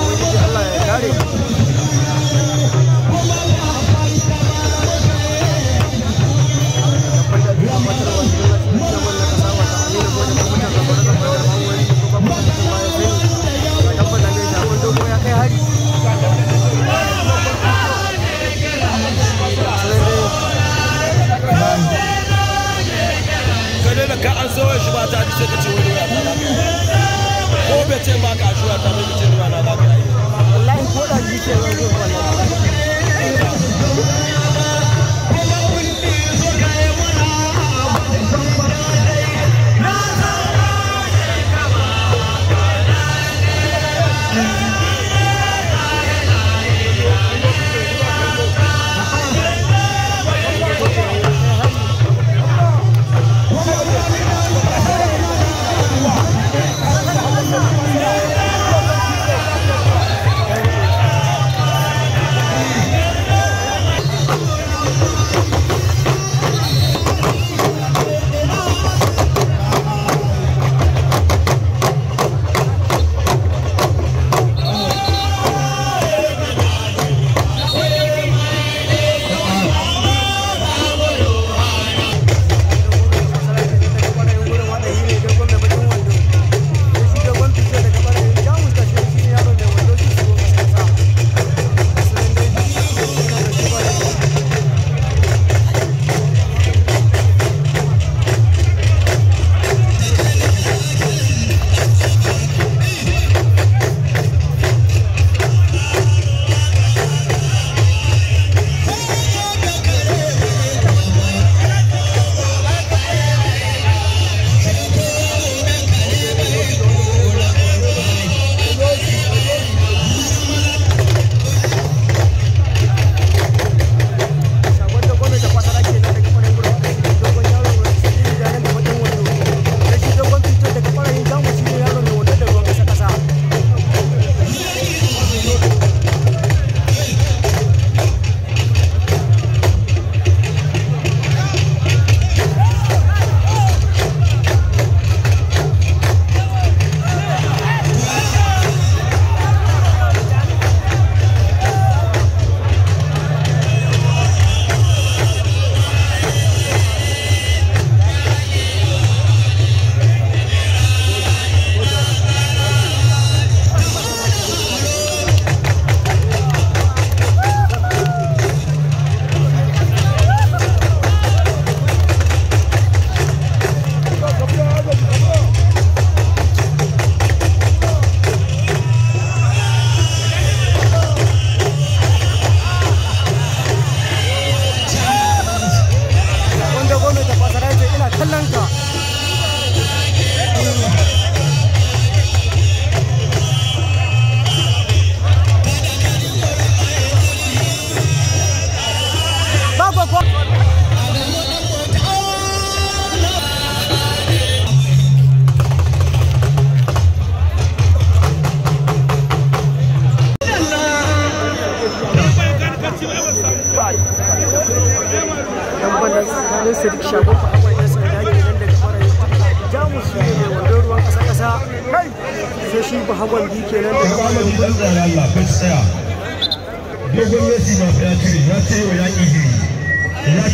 know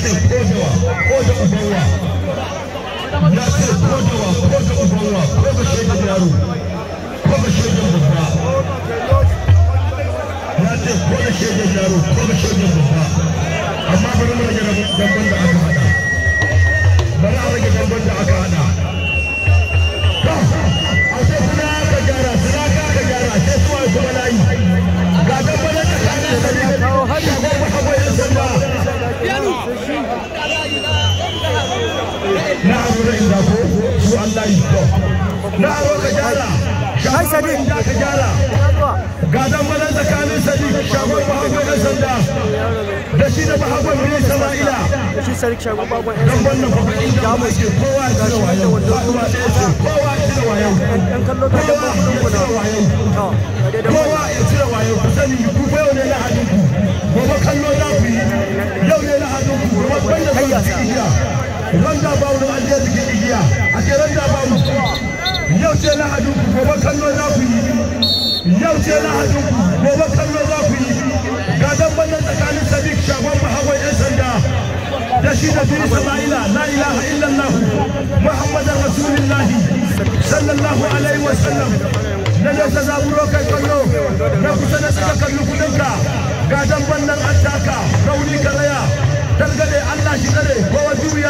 ce kodewa ko da ubanwa na ce kodewa ko da ubanwa ko ga shaidan yaro ko ga shaidan babba na ce ko da ko amma bari mu rage rabon da aka hada na aro ka gyara shagon sadiq ka gyara gadan malan tsakanin sadiq shagon bahagon yan sanda da shi da bahagon bin sama'ila shi sadiq shagon bahagon yan sanda wannan babu inda mu ke kowa ya tsira wayo kowa ya wayo yan kallo ga da babu kuna kowa ya tsira wayo ku sani ku ne na hadin ku gobe kallo za ku yi yau ne na hadin ku ban da zai randa ba wani an zai jikin igiya a ce randa ba wani yau ce na hajji ku gobe kallo za ku yi yau ce na hajji ku gobe kallo za ku yi ga dan bannan tsakanin sadiq shagon mahawai yan sanda da shi da bin sama'ila la ilaha illallah muhammadar rasulillahi sallallahu alaihi wasallam na da ta zaburo kai kallo na kusa na tsaka kallo kudinka ga dan bannan attaka rauni karaya targade allah shi tsare kowa juya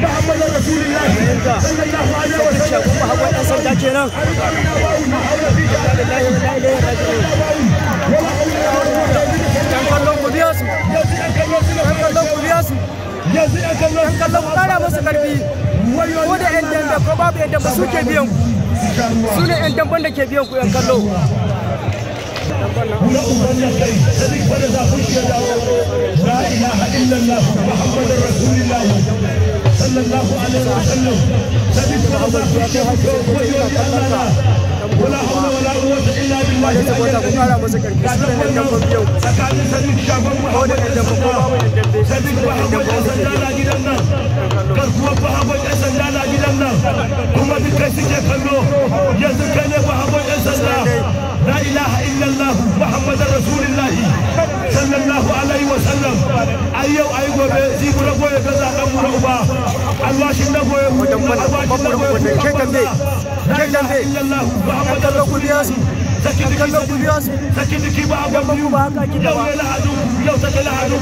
محمد رسول الله صلى الله عليه وسلم محمد أسد كنا لله ولا إله راجعون كان كلهم كلياسم كان كلهم كلياسم كان كلهم أنا مسكر بيه وده عند عند كباب عند بسوك بيهم سنة عند بند كبيهم كان كلهم ولا أبنى كي سبيك فلذا خشي لا إله إلا الله محمد رسول الله صلى الله عليه وسلم تبت وضعك ويوم أمنا ولا حول ولا قوة إلا بالله سكان سبيل شعبان محمد سبيل محمد أسلالا جدنا كركوا محمد أسلالا جدنا كما بكسي جفلو يزكني محمد أسلالا لا إله إلا الله محمد رسول الله yau a gobe jibu na goye ta zaɓen mu na uba na goye mu na goye mu ke dambe ke dambe su kan kallon ku sakin ba a biyu yau ne lahadu yau take lahadu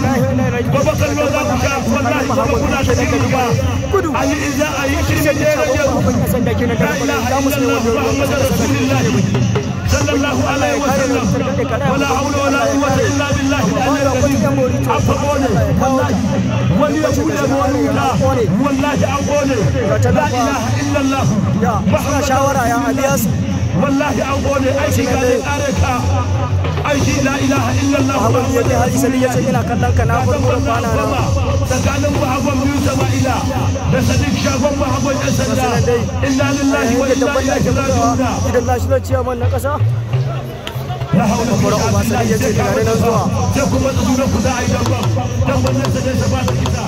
gobe kallo za ku sha wallahi gobe kuna ta cikin ba a yi in za a yi shi ne jere jere la ilaha illallah muhammadu صلى الله عليه وسلم ولا حول ولا قوة إلا بالله العلي العظيم أفقوني والله وليقول أبوني والله أبوني لا إله إلا الله محمد شاورا يا أبياس والله أبوني أيشي قال أريكا أيشي لا إله إلا الله محمد هذه سلية إلى كلام كنا فرقنا tsakanin bahagon biyu sama'ila da sadiq shagon bahagon yan sanda inna lillahi wa inna ilaihi raji'un idan national chairman na kasa da Obasanjo ya ce daga nan zuwa. Sai kuma tsunan ku za a yi dabba, dan wannan sadai sa ba ta kita.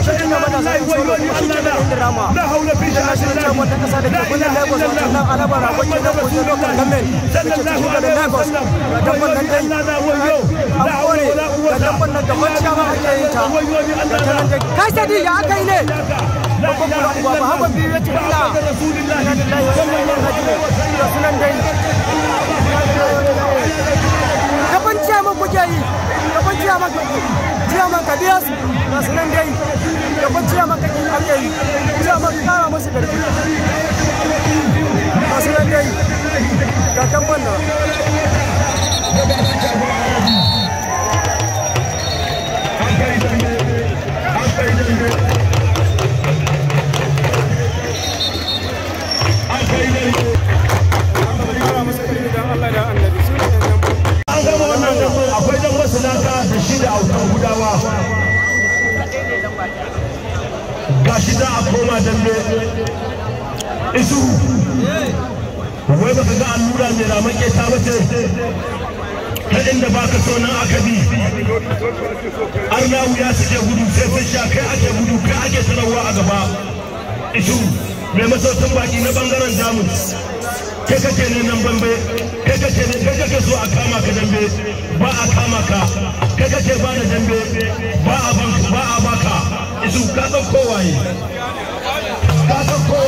kabin' ne mana sai da drama la haula fi sha'ani la wata da ke gudan Lagos wata nan da da nan ya ne ba biyu da ciyaman kuke yi gaban ciyaman kabias ga sunan dai maimakon ciya man ake yi ciya man kara musu karfi masu nan dai ga kan wannan arna wuya suke gudu sai sun sha kai ake gudu kai ake sanarwa a gaba ishu mai baki na bangaren jamus kai kake ne nan bambe kai kake ne kai kake so a kama ka dambe ba a kama ka kai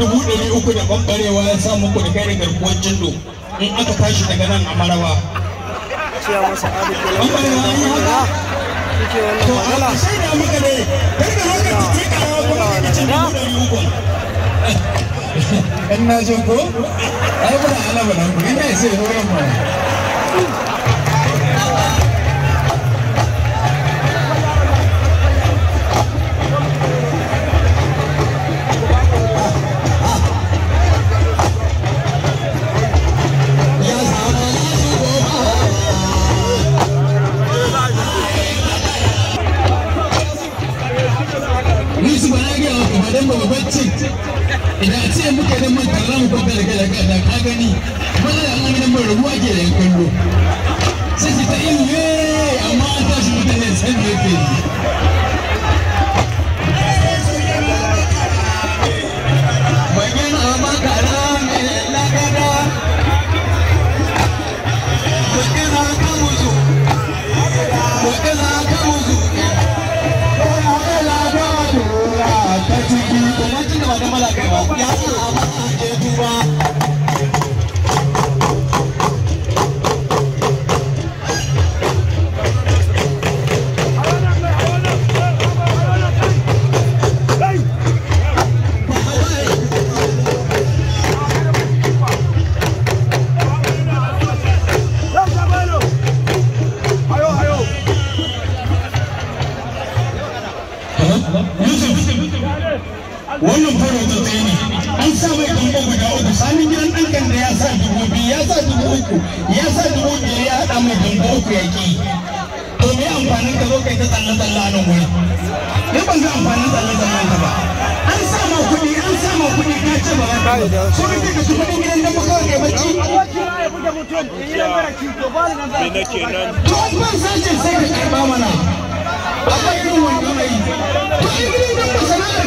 dubu ɗari uku da bambarewa ya sa muku da kai garkuwar jindo in aka tashi daga nan a maraba. an yi haka? To a sai da ne, kai da haka ta ke kuma dubu ɗari uku. In na ko? Ai nan ina isa yi mara. bene kenan Usman Sanchez mana akwai irin dan baran ga daure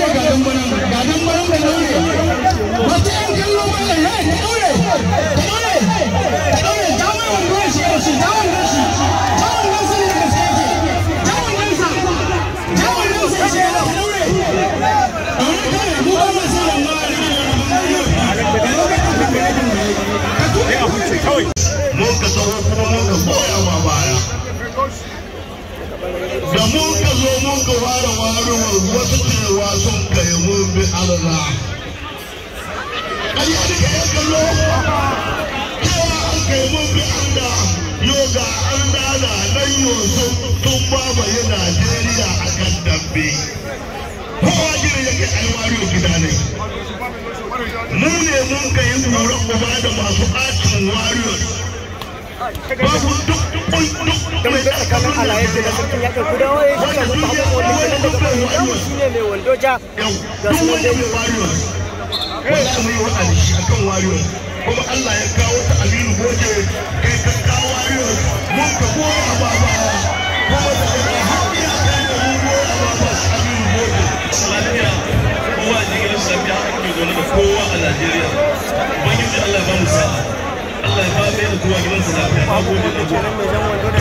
ga dan baran ga dan Mun mu nke wàrà wàrà wà wọ́n ti tẹ̀ wá so nkà yẹn mu bi alala. ayé anda yoga anda na lẹ́yìn oṣù tó gbọ́ àbáyé nàìjíríà àkàndàbí. wọ́n wá jẹ́rìí yẹ ne mun ka yi tsoron uba da masu atin warriors game da tsakanin alayyar da sarkin yakin kudawa ya zuka da ne mai wandoja ga yi Allah ya kawo ta aminu goje kai ka kawo wariyo mun ka goma a ba kuma da ka haɗi ya kai da mun goma ba goje sanadiya kowa jigilar safiya ake zaune da kowa a Najeriya ubangiji Allah ya ba sa'a Allah ya ba babu wanda da daga da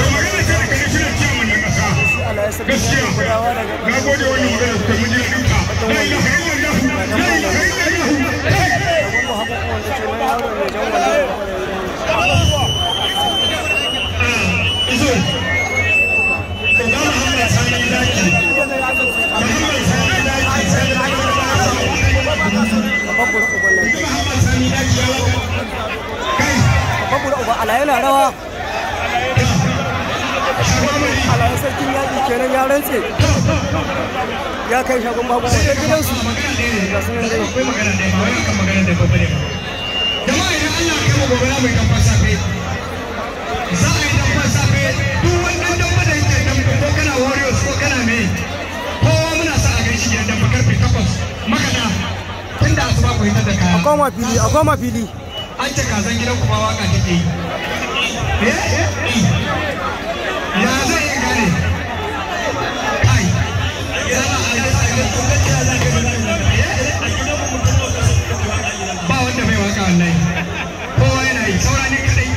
babu da uba alaye na rawa alaye sarkin yaƙi kenan ya rantse ya kai shagon babu wata gidansu ga sunan dai jama'a idan Allah ya kai mu gobe na mai dan safe za a yi dan safe duk wannan dan da yake dan ko kana warriors ko kana me kowa muna sa a gaishe gidan dan karfe 8 makana tunda asuba ku hita da kaya a koma fili a koma an ce kazan gidan kuma waka take yi eh, eh, eh. ya zai yi gane a ba wanda bai waka wallahi kowa yana yi saura ne kadai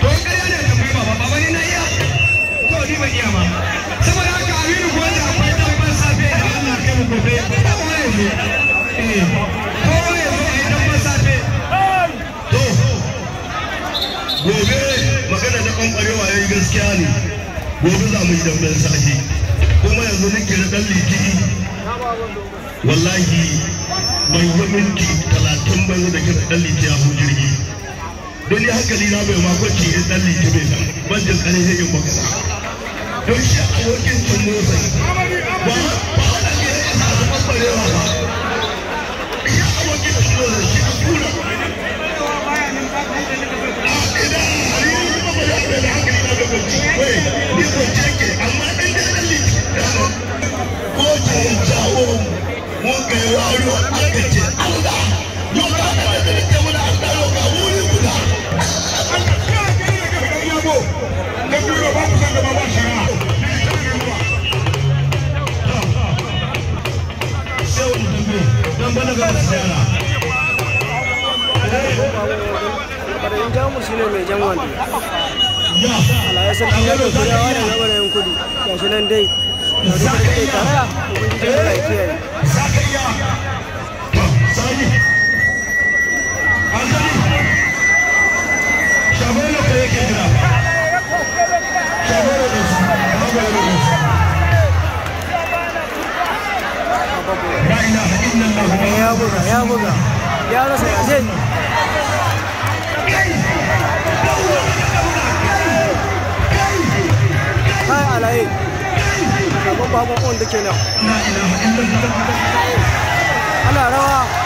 to kai baba baba ne na iya to ni ban iya ba saboda haka aminu ko da akwai tabbar safe da Allah kai mu gobe ba ne eh gobe za mu yi damben safe kuma yanzu nake da dan litini wallahi bai yi minti talatin bai da kira dan litini a jirgi don ni hankali na bai makwaci in dan litini bai nan ban jin kare zai yin bakasa don shi abokin cin motsa ba a wani ne ya kasa da ɓaɓɓarewa Idan mu shi ne mai jan alhassan an yadda turawa da lamarin kudu gashi ya rasa alaye babban bakon ke nan ana rawa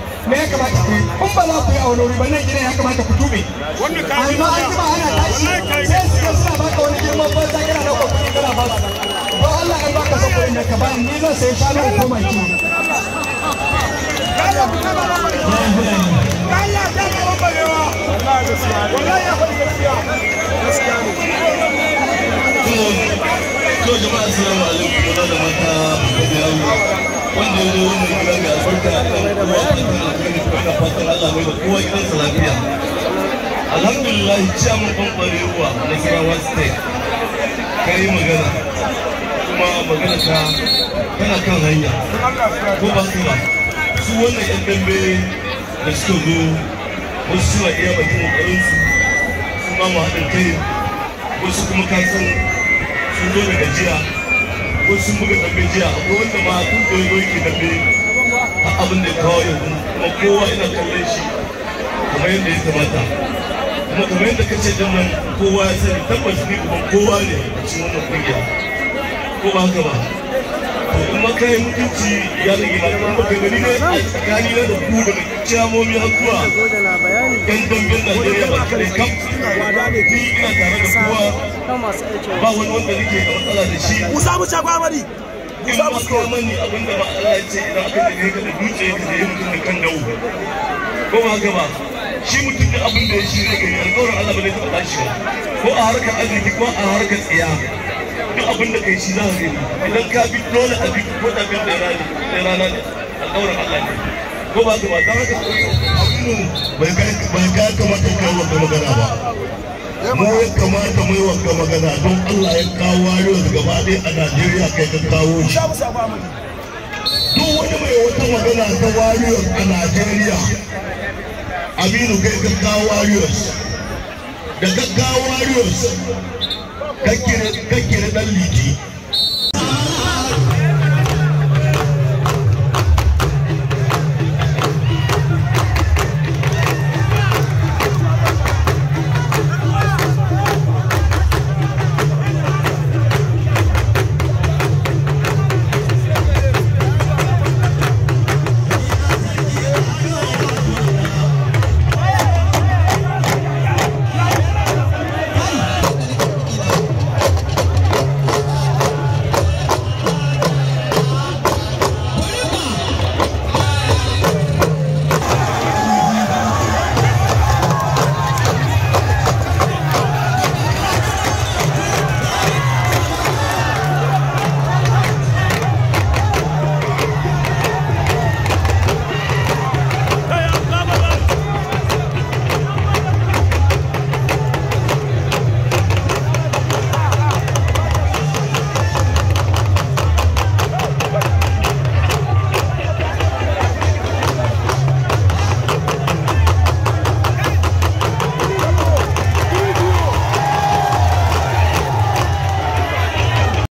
me ya kamata ku yi kun ba za ku yi a wani wuri ba nan gidan ya kamata ku tube amma an kuma ana tashi sai su ga suna baka wani girman banza kana ɗaukar kuɗi kana ba su don Allah in baka son kuɗin da ka ba ni zan sai shanu in koma ki Wallahi ya wanda ya zo wannan kuma gidansa lafiya alhamdulillah chairman ɗan ƙwarewa na kirawa state ka yi magana kuma magana ta tana kan hanya ko ba su ba su wannan yan dambe da suka zo wasu suna iya bakin ƙoƙarinsu su ma mu haɗin kai wasu kuma kasan sun zo da gajiya wasu buga tafi jiya akwai wanda ma tun da yazo yake tafi a abin da ya kawo yanzu kuma kowa ina kallon shi kamar yadda ya kamata kuma kamar yadda ka ce nan kowa ya sani tabbas ni kuma kowa ne a cikin wannan kungiya ko ba haka ba in ma kai mutunci ya rage na in ba gani ne gani na da ku da ciyamomi har zuwa yan dambin Najeriya ba kare kam ni ina tare da kowa ba wani wanda nake da matsala da shi Musa mu shagwa bari Musa mu shagwa abinda ba Allah ya ce idan aka dade ka da dutse ka da mutum da kan dawo ko ba haka ba shi mutum da abin da ya shi ne ga alƙawarin Allah ba ne ta shi ba ko a harkar arziki ko a harkar tsiya duk abin da kai shi za ka gani idan ka bi dole a bi ko da bin rana ne alƙawarin Allah ne ko ba bai kamata ka yi magana ba mu ya kamata mu yi magana don Allah ya kawo a Najeriya kai ka kawo shi duk wani mai wata magana ta warriors a Najeriya Aminu kai ka kawo da ka kawo kakkire da liti